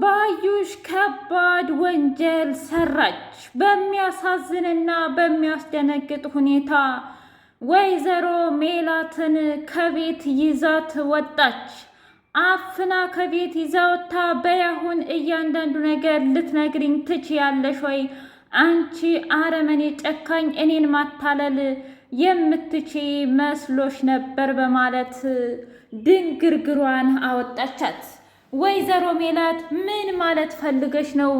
ባዩሽ ከባድ ወንጀል ሰራች። በሚያሳዝንና በሚያስደነግጥ ሁኔታ ወይዘሮ ሜላትን ከቤት ይዛት ወጣች። አፍና ከቤት ይዛ ወጥታ በያሁን እያንዳንዱ ነገር ልትነግሪኝ ትችያለሽ ወይ? አንቺ አረመኔ ጨካኝ፣ እኔን ማታለል የምትች መስሎሽ ነበር በማለት ድንግርግሯን አወጣቻት። ወይዘሮ ሜላት ምን ማለት ፈልገሽ ነው?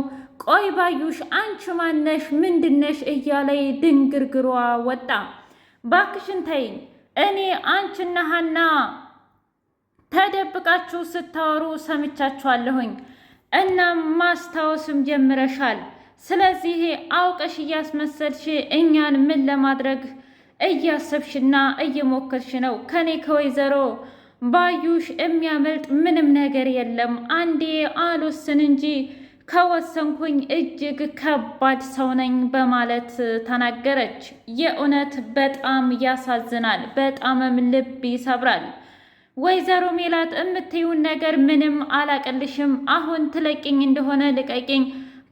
ቆይ ባዩሽ አንቺ ማነሽ? ምንድነሽ? እያለ ድንግርግሯ ወጣ። ባክሽን ተይኝ፣ እኔ አንቺና ሀና ተደብቃችሁ ስታወሩ ሰምቻችኋለሁኝ እና ማስታወስም ጀምረሻል። ስለዚህ አውቀሽ እያስመሰልሽ እኛን ምን ለማድረግ እያሰብሽና እየሞከርሽ ነው ከኔ ከወይዘሮ ባዩሽ የሚያመልጥ ምንም ነገር የለም። አንዴ አልወስን እንጂ ከወሰንኩኝ እጅግ ከባድ ሰው ነኝ በማለት ተናገረች። የእውነት በጣም ያሳዝናል፣ በጣምም ልብ ይሰብራል። ወይዘሮ ሜላት የምትዩን ነገር ምንም አላቀልሽም። አሁን ትለቅኝ እንደሆነ ልቀቂኝ፣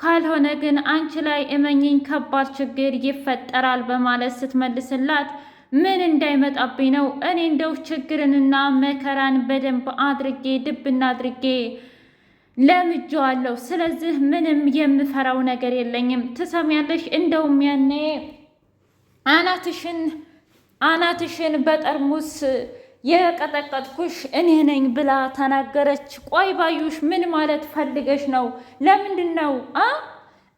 ካልሆነ ግን አንቺ ላይ እመኝኝ ከባድ ችግር ይፈጠራል በማለት ስትመልስላት ምን እንዳይመጣብኝ ነው። እኔ እንደው ችግርንና መከራን በደንብ አድርጌ ድብና አድርጌ ለምጄዋለሁ። ስለዚህ ምንም የምፈራው ነገር የለኝም። ትሰሚያለሽ? እንደውም ያኔ አናትሽን አናትሽን በጠርሙስ የቀጠቀጥኩሽ እኔ ነኝ ብላ ተናገረች። ቆይ ባዩሽ፣ ምን ማለት ፈልገሽ ነው? ለምንድን ነው አ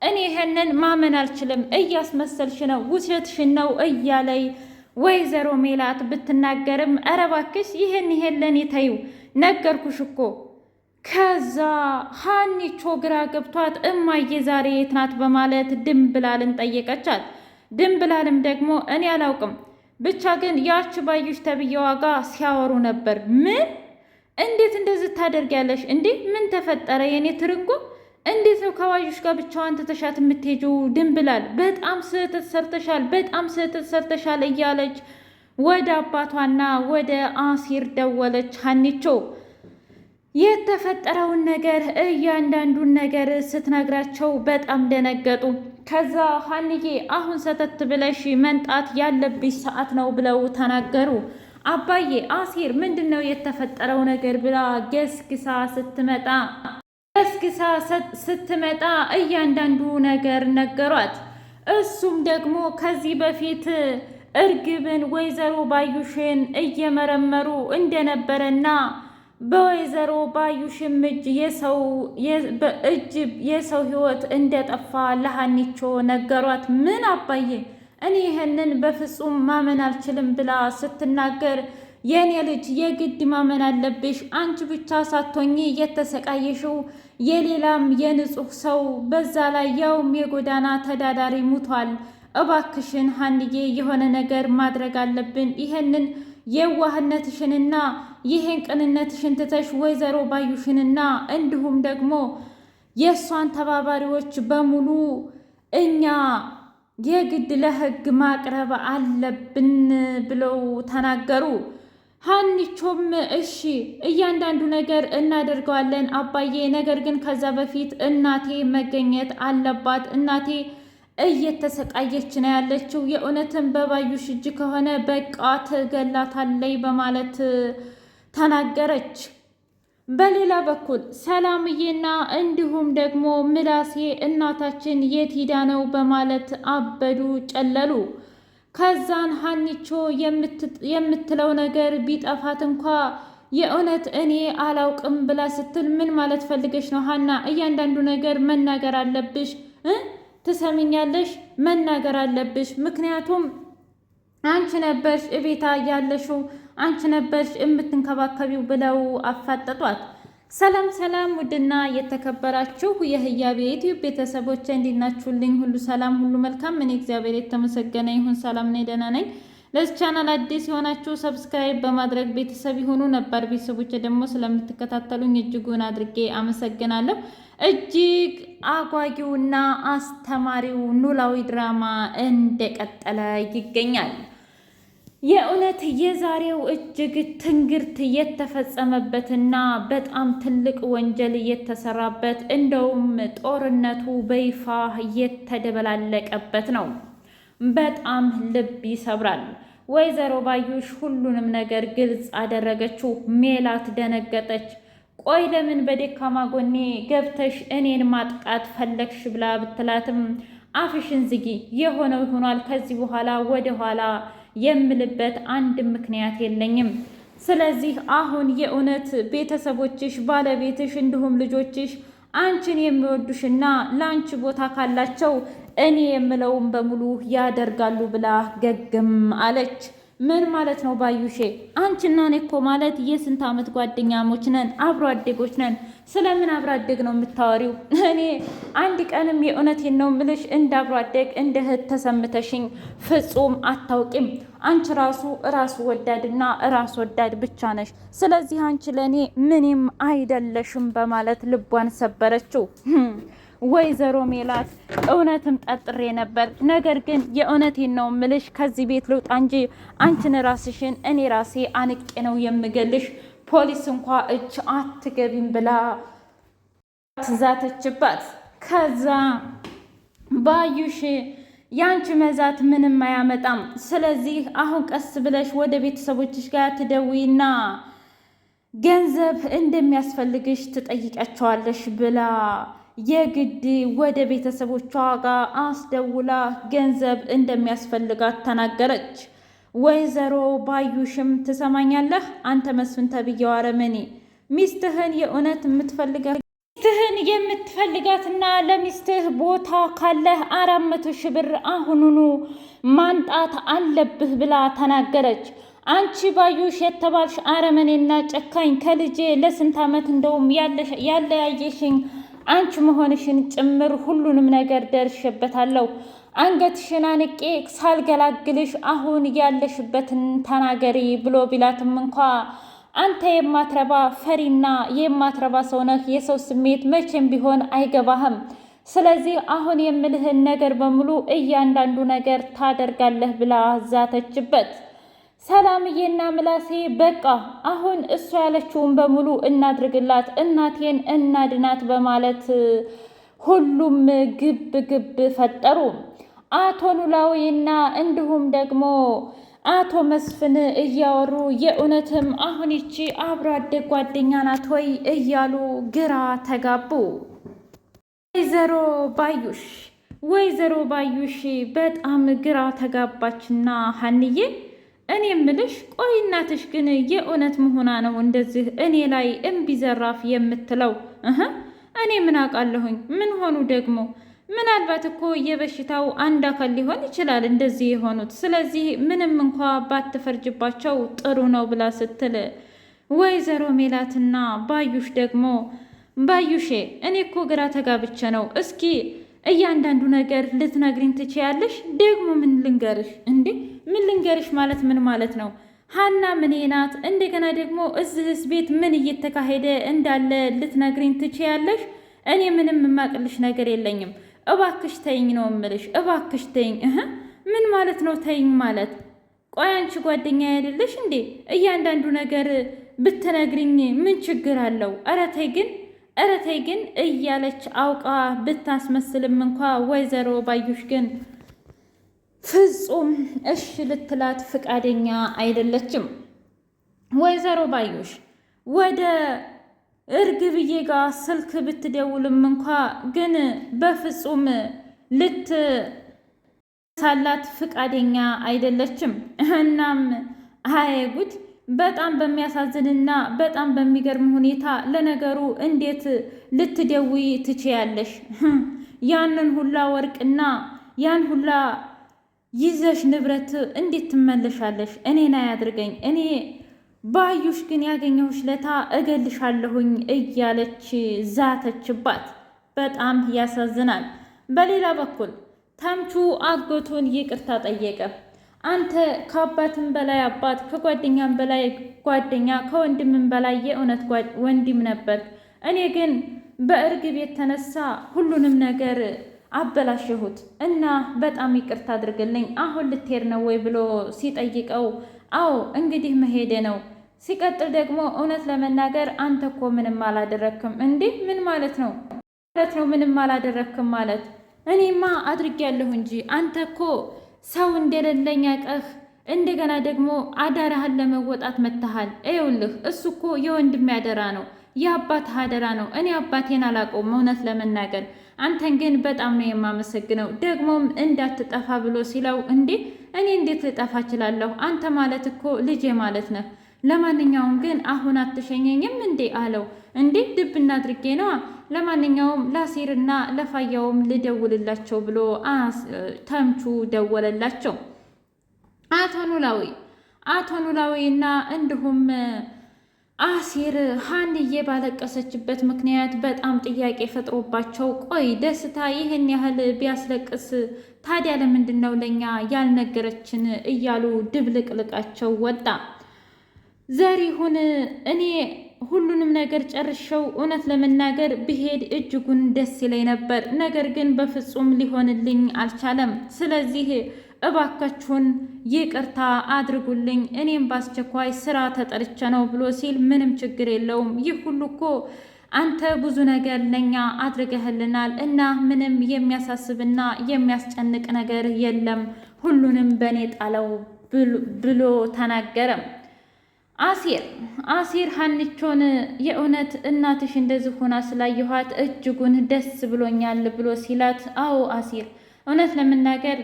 እኔ ይሄንን ማመን አልችልም፣ እያስመሰልሽ ነው፣ ውሸትሽን ነው እያለይ ወይዘሮ ሜላት ብትናገርም ኧረ እባክሽ ይህን ይሄን ለኔ ተይው ነገርኩሽ እኮ። ከዛ ሀኒቾ ግራ ገብቷት እማዬ ዛሬ የት ናት በማለት ድንብላልን ጠየቀቻት። ድንብላልም ደግሞ እኔ አላውቅም ብቻ ግን ያች ባዩሽ ተብዬዋ ጋ ሲያወሩ ነበር። ምን? እንዴት እንደዚህ ታደርጊያለሽ? እንዴ ምን ተፈጠረ? የእኔ ትርንጎ? እንዴት ነው ከዋዩሽ ጋር ብቻዋን ትተሻት የምትሄጂው? ድንብላል በጣም ስህተት ሰርተሻል፣ በጣም ስህተት ሰርተሻል እያለች ወደ አባቷና ወደ አሲር ደወለች ሀኒቾ የተፈጠረውን ነገር እያንዳንዱን ነገር ስትነግራቸው በጣም ደነገጡ። ከዛ ሀንዬ አሁን ሰተት ብለሽ መንጣት ያለብሽ ሰዓት ነው ብለው ተናገሩ። አባዬ አሲር ምንድን ነው የተፈጠረው ነገር ብላ ገስግሳ ስትመጣ ገስግሳ ስትመጣ እያንዳንዱ ነገር ነገሯት። እሱም ደግሞ ከዚህ በፊት እርግብን ወይዘሮ ባዩሽን እየመረመሩ እንደነበረና በወይዘሮ ባዩሽም እጅ የሰው እጅ የሰው ህይወት እንደጠፋ ለሀኒቾ ነገሯት። ምን አባዬ እኔ ይህንን በፍጹም ማመን አልችልም ብላ ስትናገር የእኔ ልጅ የግድ ማመን አለብሽ። አንቺ ብቻ ሳትሆኚ እየተሰቃየሽው የሌላም የንጹህ ሰው በዛ ላይ ያውም የጎዳና ተዳዳሪ ሙቷል። እባክሽን ሀንዬ የሆነ ነገር ማድረግ አለብን። ይሄንን የዋህነትሽንና ይሄን ቅንነትሽን ትተሽ ወይዘሮ ባዩሽንና እንዲሁም ደግሞ የእሷን ተባባሪዎች በሙሉ እኛ የግድ ለህግ ማቅረብ አለብን ብለው ተናገሩ። ሀኒቾም እሺ እያንዳንዱ ነገር እናደርገዋለን አባዬ፣ ነገር ግን ከዛ በፊት እናቴ መገኘት አለባት። እናቴ እየተሰቃየች ነው ያለችው። የእውነትን በባዩሽ እጅ ከሆነ በቃ ትገላታለይ በማለት ተናገረች። በሌላ በኩል ሰላምዬና እንዲሁም ደግሞ ምላሴ እናታችን የት ሂዳ ነው በማለት አበዱ፣ ጨለሉ። ከዛን ሀኒቾ የምትለው ነገር ቢጠፋት እንኳ የእውነት እኔ አላውቅም ብላ ስትል ምን ማለት ፈልገሽ ነው ሀና? እያንዳንዱ ነገር መናገር አለብሽ እ ትሰሚኛለሽ መናገር አለብሽ። ምክንያቱም አንቺ ነበርሽ እቤታ ያለሽው አንቺ ነበርሽ የምትንከባከቢው ብለው አፋጠጧት። ሰላም ሰላም፣ ውድና የተከበራችሁ የህያቤ ዩቲዩብ ቤተሰቦች እንዴት ናችሁልኝ? ሁሉ ሰላም፣ ሁሉ መልካም። እኔ እግዚአብሔር የተመሰገነ ይሁን ሰላም ነኝ፣ ደህና ነኝ። ለዚህ ቻናል አዲስ የሆናችሁ ሰብስክራይብ በማድረግ ቤተሰብ የሆኑ ነባር ቤተሰቦች ደግሞ ስለምትከታተሉኝ እጅጉን አድርጌ አመሰግናለሁ። እጅግ አጓጊውና አስተማሪው ኖላዊ ድራማ እንደቀጠለ ይገኛል። የእውነት የዛሬው እጅግ ትንግርት የተፈጸመበትና በጣም ትልቅ ወንጀል የተሰራበት እንደውም ጦርነቱ በይፋ የተደበላለቀበት ነው። በጣም ልብ ይሰብራል። ወይዘሮ ባዩሽ ሁሉንም ነገር ግልጽ አደረገችው። ሜላት ደነገጠች። ቆይ ለምን በደካማ ጎኔ ገብተሽ እኔን ማጥቃት ፈለግሽ? ብላ ብትላትም አፍሽን ዝጊ፣ የሆነው ይሆኗል። ከዚህ በኋላ ወደ ኋላ የምልበት አንድ ምክንያት የለኝም። ስለዚህ አሁን የእውነት ቤተሰቦችሽ፣ ባለቤትሽ እንዲሁም ልጆችሽ አንቺን የሚወዱሽና ለአንቺ ቦታ ካላቸው እኔ የምለውን በሙሉ ያደርጋሉ ብላ ገግም አለች። ምን ማለት ነው ባዩሼ? አንቺና እኔ እኮ ማለት የስንት ዓመት ጓደኛሞች ነን፣ አብሮ አደጎች ነን። ስለምን አብሮ አደግ ነው የምታወሪው? እኔ አንድ ቀንም የእውነቴን ነው ምልሽ እንደ አብሮ አደግ እንደ እህት ተሰምተሽኝ ፍጹም አታውቂም። አንቺ ራሱ ራስ ወዳድና ራስ ወዳድ ብቻ ነሽ። ስለዚህ አንቺ ለእኔ ምንም አይደለሽም በማለት ልቧን ሰበረችው። ወይዘሮ ሜላት እውነትም ጠርጥሬ ነበር። ነገር ግን የእውነቴን ነው ምልሽ ከዚህ ቤት ልውጣ እንጂ አንቺን ራስሽን እኔ ራሴ አንቄ ነው የምገልሽ ፖሊስ እንኳ እጅ አትገቢም ብላ ትዛተችባት። ከዛ ባዩሽ ያንቺ መዛት ምንም አያመጣም። ስለዚህ አሁን ቀስ ብለሽ ወደ ቤተሰቦችሽ ጋር ትደውይና ገንዘብ እንደሚያስፈልግሽ ትጠይቂያቸዋለሽ ብላ የግድ ወደ ቤተሰቦቿ ጋር አስደውላ ገንዘብ እንደሚያስፈልጋት ተናገረች። ወይዘሮ ባዩሽም ትሰማኛለህ፣ አንተ መስፍን ተብዬው አረመኔ ሚስትህን የእውነት የምትፈልጋት ሚስትህን የምትፈልጋትና ለሚስትህ ቦታ ካለህ አራት መቶ ሺህ ብር አሁኑኑ ማንጣት አለብህ ብላ ተናገረች። አንቺ ባዩሽ የተባልሽ አረመኔና ጨካኝ ከልጄ ለስንት ዓመት እንደውም ያለያየሽኝ አንቺ መሆንሽን ጭምር ሁሉንም ነገር ደርሼበታለሁ። አንገትሽን አንቄ ሳልገላግልሽ አሁን ያለሽበትን ተናገሪ ብሎ ቢላትም እንኳ አንተ የማትረባ ፈሪና የማትረባ ሰው ነህ። የሰው ስሜት መቼም ቢሆን አይገባህም። ስለዚህ አሁን የምልህን ነገር በሙሉ እያንዳንዱ ነገር ታደርጋለህ ብላ ዛተችበት። ሰላምዬና ምላሴ በቃ አሁን እሷ ያለችውን በሙሉ እናድርግላት፣ እናቴን እናድናት በማለት ሁሉም ግብ ግብ ፈጠሩ። አቶ እና እንዲሁም ደግሞ አቶ መስፍን እያወሩ የእውነትም አሁን ይቺ አብሮ አደግ ጓደኛ ናት ወይ እያሉ ግራ ተጋቡ። ወይዘሮ ባዩሽ ወይዘሮ ባዩሽ በጣም ግራ ተጋባችና ሀንዬ እኔ ምልሽ ቆይ እናትሽ ግን የእውነት መሆና ነው እንደዚህ እኔ ላይ እምቢዘራፍ የምትለው የምትለው? እኔ ምን አውቃለሁኝ? ምን ሆኑ ደግሞ ምናልባት እኮ የበሽታው አንድ አካል ሊሆን ይችላል እንደዚህ የሆኑት። ስለዚህ ምንም እንኳ ባትፈርጅባቸው ጥሩ ነው ብላ ስትል ወይዘሮ ሜላትና ባዩሽ ደግሞ ባዩሼ፣ እኔ እኮ ግራ ተጋብቼ ነው። እስኪ እያንዳንዱ ነገር ልትነግሪኝ ትችያለሽ? ደግሞ ምን ልንገርሽ? እንዴ ምን ልንገርሽ ማለት ምን ማለት ነው? ሀና ምን ናት? እንደገና ደግሞ እዚህስ ቤት ምን እየተካሄደ እንዳለ ልትነግሪኝ ትችያለሽ? እኔ ምንም የማቅልሽ ነገር የለኝም። እባክሽ ተይኝ ነው እምልሽ፣ እባክሽ ተይኝ። ምን ማለት ነው ተይኝ ማለት? ቆይ አንቺ ጓደኛ አይደለሽ እንዴ? እያንዳንዱ ነገር ብትነግሪኝ ምን ችግር አለው? ኧረ ተይ ግን ኧረ ተይ ግን እያለች አውቃ ብታስመስልም እንኳ ወይዘሮ ባዩሽ ግን ፍጹም እሽ ልትላት ፍቃደኛ አይደለችም። ወይዘሮ ባዩሽ ወደ እርግብዬ ጋር ስልክ ብትደውልም እንኳ ግን በፍጹም ልትሳላት ፍቃደኛ አይደለችም። እናም አይ ጉድ በጣም በሚያሳዝንና በጣም በሚገርም ሁኔታ ለነገሩ እንዴት ልትደውይ ትችያለሽ? ያንን ሁላ ወርቅና ያን ሁላ ይዘሽ ንብረት እንዴት ትመለሻለሽ? እኔን አያድርገኝ እኔ ባዩሽ ግን ያገኘሁሽ ለታ እገልሻለሁኝ እያለች ዛተችባት። በጣም ያሳዝናል። በሌላ በኩል ተምቹ አጎቱን ይቅርታ ጠየቀ። አንተ ከአባትም በላይ አባት፣ ከጓደኛም በላይ ጓደኛ፣ ከወንድምም በላይ የእውነት ወንድም ነበር። እኔ ግን በእርግብ የተነሳ ሁሉንም ነገር አበላሸሁት እና በጣም ይቅርታ አድርግልኝ። አሁን ልትሄድ ነው ወይ ብሎ ሲጠይቀው አዎ እንግዲህ መሄደ ነው። ሲቀጥል ደግሞ እውነት ለመናገር አንተ እኮ ምንም አላደረክም። እንዴ ምን ማለት ነው ማለት ነው? ምንም አላደረክም ማለት እኔማ አድርጌያለሁ እንጂ አንተ እኮ ሰው እንደሌለኝ አቀህ እንደገና ደግሞ አዳራህን ለመወጣት መጥተሃል። ይኸውልህ እሱ እኮ የወንድሜ አደራ ነው፣ የአባትህ አደራ ነው። እኔ አባቴን አላውቀውም እውነት ለመናገር አንተን ግን በጣም ነው የማመሰግነው። ደግሞም እንዳትጠፋ ብሎ ሲለው እንዴ እኔ እንዴት ልጠፋ እችላለሁ? አንተ ማለት እኮ ልጄ ማለት ነህ። ለማንኛውም ግን አሁን አትሸኘኝም እንዴ አለው። እንዴት ድብ እናድርጌ ነዋ። ለማንኛውም ላሴርና ለፋያውም ልደውልላቸው ብሎ ተምቹ ደወለላቸው። አቶ ኖላዊ አቶ ኖላዊና እንዲሁም አሲር ሀንዬ ባለቀሰችበት ምክንያት በጣም ጥያቄ ፈጥሮባቸው፣ ቆይ ደስታ ይህን ያህል ቢያስለቅስ ታዲያ ለምንድን ነው ለእኛ ያልነገረችን? እያሉ ድብልቅልቃቸው ወጣ። ዘሪሁን እኔ ሁሉንም ነገር ጨርሸው እውነት ለመናገር ብሄድ እጅጉን ደስ ይለኝ ነበር፣ ነገር ግን በፍጹም ሊሆንልኝ አልቻለም። ስለዚህ እባካችሁን ይቅርታ አድርጉልኝ፣ እኔም በአስቸኳይ ስራ ተጠርቼ ነው ብሎ ሲል ምንም ችግር የለውም ይህ ሁሉ እኮ አንተ ብዙ ነገር ለኛ አድርገህልናል እና ምንም የሚያሳስብና የሚያስጨንቅ ነገር የለም፣ ሁሉንም በእኔ ጣለው ብሎ ተናገረም። አሲር አሲር ሀንቾን የእውነት እናትሽ እንደዚህ ሆና ስላየኋት እጅጉን ደስ ብሎኛል ብሎ ሲላት፣ አዎ አሲር እውነት ለመናገር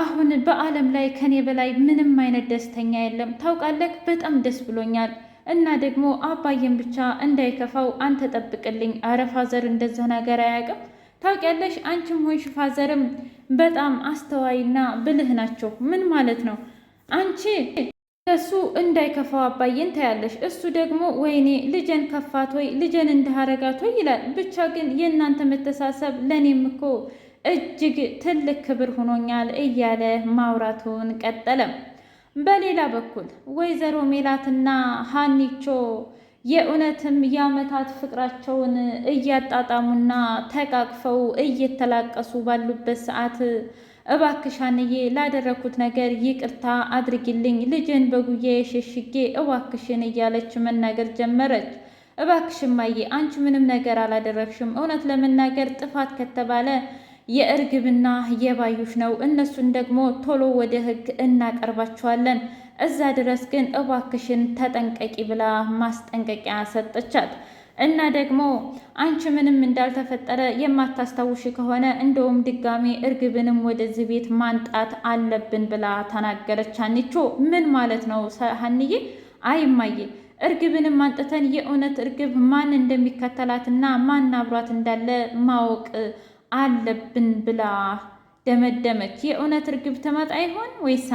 አሁን በዓለም ላይ ከኔ በላይ ምንም አይነት ደስተኛ የለም። ታውቃለህ፣ በጣም ደስ ብሎኛል። እና ደግሞ አባዬን ብቻ እንዳይከፋው አንተ ጠብቅልኝ። አረ ፋዘር እንደዛ ነገር አያውቅም። ታውቂያለሽ፣ አንቺም ሆንሽ ፋዘርም በጣም አስተዋይና ብልህ ናቸው። ምን ማለት ነው? አንቺ እሱ እንዳይከፋው አባዬን ታያለሽ፣ እሱ ደግሞ ወይኔ ልጄን ከፋት ወይ ልጄን እንዳረጋት ወይ ይላል። ብቻ ግን የእናንተ መተሳሰብ ለእኔም እኮ እጅግ ትልቅ ክብር ሆኖኛል እያለ ማውራቱን ቀጠለም። በሌላ በኩል ወይዘሮ ሜላትና ሀኒቾ የእውነትም የአመታት ፍቅራቸውን እያጣጣሙና ተቃቅፈው እየተላቀሱ ባሉበት ሰዓት እባክሻንዬ ላደረኩት ነገር ይቅርታ አድርጊልኝ፣ ልጄን በጉያ የሸሽጌ እባክሽን እያለች መናገር ጀመረች። እባክሽማዬ አንቺ ምንም ነገር አላደረግሽም። እውነት ለመናገር ጥፋት ከተባለ የእርግብና የባዩሽ ነው። እነሱን ደግሞ ቶሎ ወደ ህግ እናቀርባቸዋለን። እዛ ድረስ ግን እባክሽን ተጠንቀቂ ብላ ማስጠንቀቂያ ሰጠቻት። እና ደግሞ አንቺ ምንም እንዳልተፈጠረ የማታስታውሽ ከሆነ እንደውም ድጋሚ እርግብንም ወደዚህ ቤት ማንጣት አለብን ብላ ተናገረች። ሀኒቾ ምን ማለት ነው ሀንዬ? አይማዬ እርግብንም አንጥተን የእውነት እርግብ ማን እንደሚከተላትና ማን አብሯት እንዳለ ማወቅ አለብን ብላ ደመደመች። የእውነት እርግብ ትመጣ ይሆን ወይስ